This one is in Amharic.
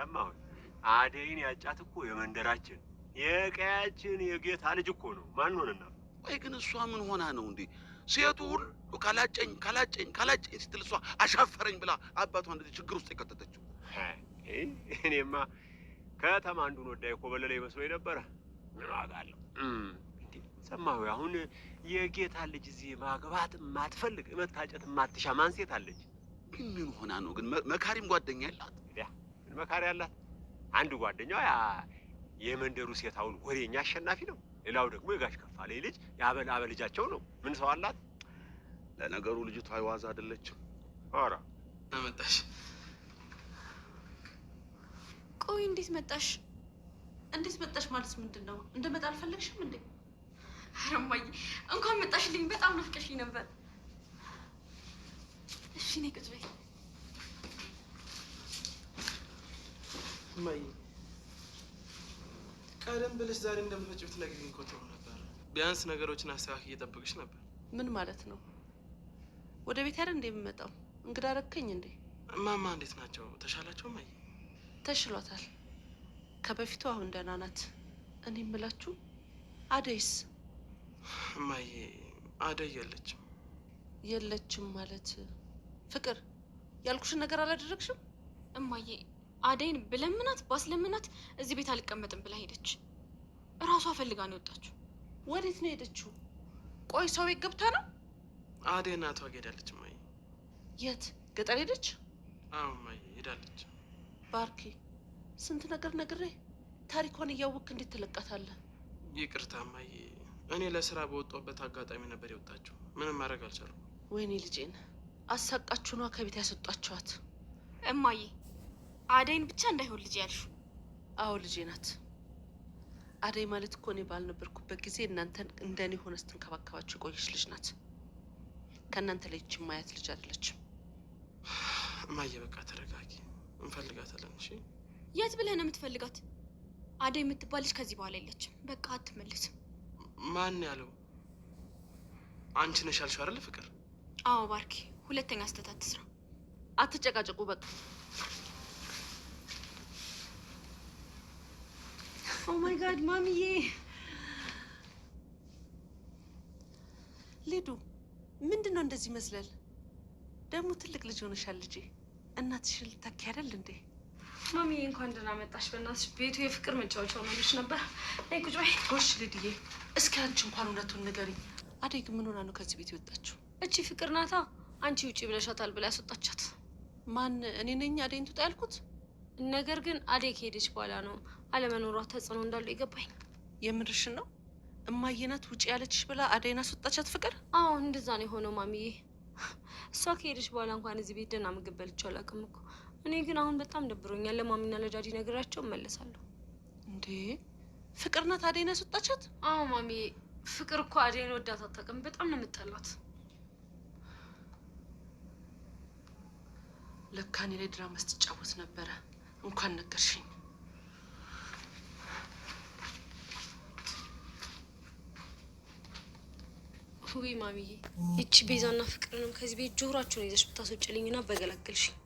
ሰማሁ። አደይን ያጫት እኮ የመንደራችን የቀያችን የጌታ ልጅ እኮ ነው። ማን ሆነና? ወይ ግን እሷ ምን ሆና ነው እንዴ? ሴቱ ሁሉ ካላጨኝ ካላጨኝ ካላጨኝ ስትል እሷ አሻፈረኝ ብላ አባቷ እንደዚህ ችግር ውስጥ የከተተችው። እኔማ ከተማ አንዱን ወዳ የኮበለለ ይመስሎኝ ነበረ። ምን ዋጋ አለው? ሰማሁ። አሁን የጌታ ልጅ እዚህ ማግባት ማትፈልግ መታጨት ማትሻ ማን ሴት አለች? ምን ሆና ነው ግን? መካሪም ጓደኛ የላት ምን መካሪ አላት። አንድ ጓደኛዋ የመንደሩ ሴት አሁን ወሬኛ አሸናፊ ነው። ሌላው ደግሞ የጋሽ ከፋለኝ ልጅ የአበል አበልጃቸው ነው። ምን ሰው አላት። ለነገሩ ልጅቷ የዋዛ አይደለችም። ኧረ መጣሽ። ቆይ እንዴት መጣሽ? እንዴት መጣሽ ማለት ምንድን ነው? እንደመጣ አልፈለግሽም እንዴ? ኧረ እንኳን መጣሽልኝ። በጣም ናፍቀሽኝ ነበር። እሺ እኔ ቁጭ በይ እማዬ ቀደም ብለሽ ዛሬ እንደምትመጪ ብትነግሪኝ እኮ ጥሩ ነበር። ቢያንስ ነገሮችን አስተካክዬ እየጠብቅሽ ነበር። ምን ማለት ነው? ወደ ቤት አይደል እንዴ የምመጣው? እንግዳ ረከኝ እንዴ? እማማ እንዴት ናቸው? ተሻላቸው? እማዬ ተሽሏታል። ከበፊቱ አሁን ደህና ናት። እኔ የምላችሁ አደይስ? እማዬ አደይ የለችም። የለችም ማለት ፍቅር ያልኩሽን ነገር አላደረግሽም እማዬ አደይን ብለምናት ባስለምናት እዚህ ቤት አልቀመጥም ብላ ሄደች። እራሷ ፈልጋ ነው የወጣችው። ወዴት ነው ሄደችው? ቆይ ሰው ቤት ገብታ ነው? አደይ እናቷ ሄዳለች። ማይ የት ገጠር ሄደች? አዎ ማይ ሄዳለች። ባርኪ ስንት ነገር ነግሬ ታሪኳን እያወቅ እንዴት ትለቃታለህ? ይቅርታ ማይ እኔ ለስራ በወጣሁበት አጋጣሚ ነበር የወጣችው። ምንም ማድረግ አልቻልኩም። ወይኔ ልጄን አሳቃችሁ ነዋ ከቤት ያስወጣችኋት እማዬ አደይን ብቻ እንዳይሆን ልጅ ያልሹ። አዎ ልጄ ናት። አደይ ማለት እኮ እኔ ባልነበርኩበት ጊዜ እናንተን እንደ እኔ ሆነ ስትንከባከባችሁ የቆየች ልጅ ናት። ከእናንተ ለይች ማያት ልጅ አይደለችም። እማዬ በቃ ተረጋጊ፣ እንፈልጋታለን። እሺ የት ብለህ ነው የምትፈልጋት? አደይ የምትባል ልጅ ከዚህ በኋላ የለችም። በቃ አትመለስም። ማን ያለው? አንቺ ነሽ ያልሽው አይደል? ፍቅር? አዎ ባርኪ፣ ሁለተኛ ስህተት አትስራ። አትጨቃጨቁ በቃ ኦ ማይ ጋድ ማሚዬ፣ ሊዱ ምንድን ነው እንደዚህ ይመስላል? ደግሞ ትልቅ ልጅ ሆነሻል ልጄ። እናትሽን ልታኪ አይደል እንዴ? ማሚዬ እንኳን ደህና መጣሽ። በእናትሽ ቤቱ የፍቅር መጫወቻ ሆኖልሽ ነበር። ነይ ቁጭ በይ። ጎሽ ልድዬ፣ እስኪ አንቺ እንኳን እውነቱን ንገሪኝ። አደይ ግን ምን ሆና ነው ከዚህ ቤት የወጣችው? እቺ ፍቅር ናታ አንቺ ውጪ ብለሻታል ብላ ያስወጣቻት ማን? እኔ ነኝ አደይን ትውጣ ያልኩት። ነገር ግን አደይ ከሄደች በኋላ ነው አለመኖሯ ተጽዕኖ እንዳለው ይገባኝ። የምርሽን ነው? እማየናት ውጭ ያለችሽ ብላ አደይና ስወጣቻት ፍቅር? አዎ እንደዛ ነው የሆነው ማሚዬ። እሷ ከሄደች በኋላ እንኳን እዚህ ቤት ደህና ምግብ በልቼ አላውቅም እኮ። እኔ ግን አሁን በጣም ደብሮኛል። ለማሚና ለዳዲ ነግራቸው እመለሳለሁ። እንዴ ፍቅር ናት አደይና ስወጣቻት? አዎ ማሚዬ። ፍቅር እኮ አደይን ወዳት አታውቅም። በጣም ነው የምጠላት። ለካ እኔ ላይ ድራማ ስትጫወት ነበረ። እንኳን ነገርሽኝ። ኩቢ ማሚዬ፣ ይቺ ቤዛና ፍቅርንም ከዚህ ቤት ጆሯቸውን ይዘሽ ብታስወጭልኝና በገላገልሽኝ።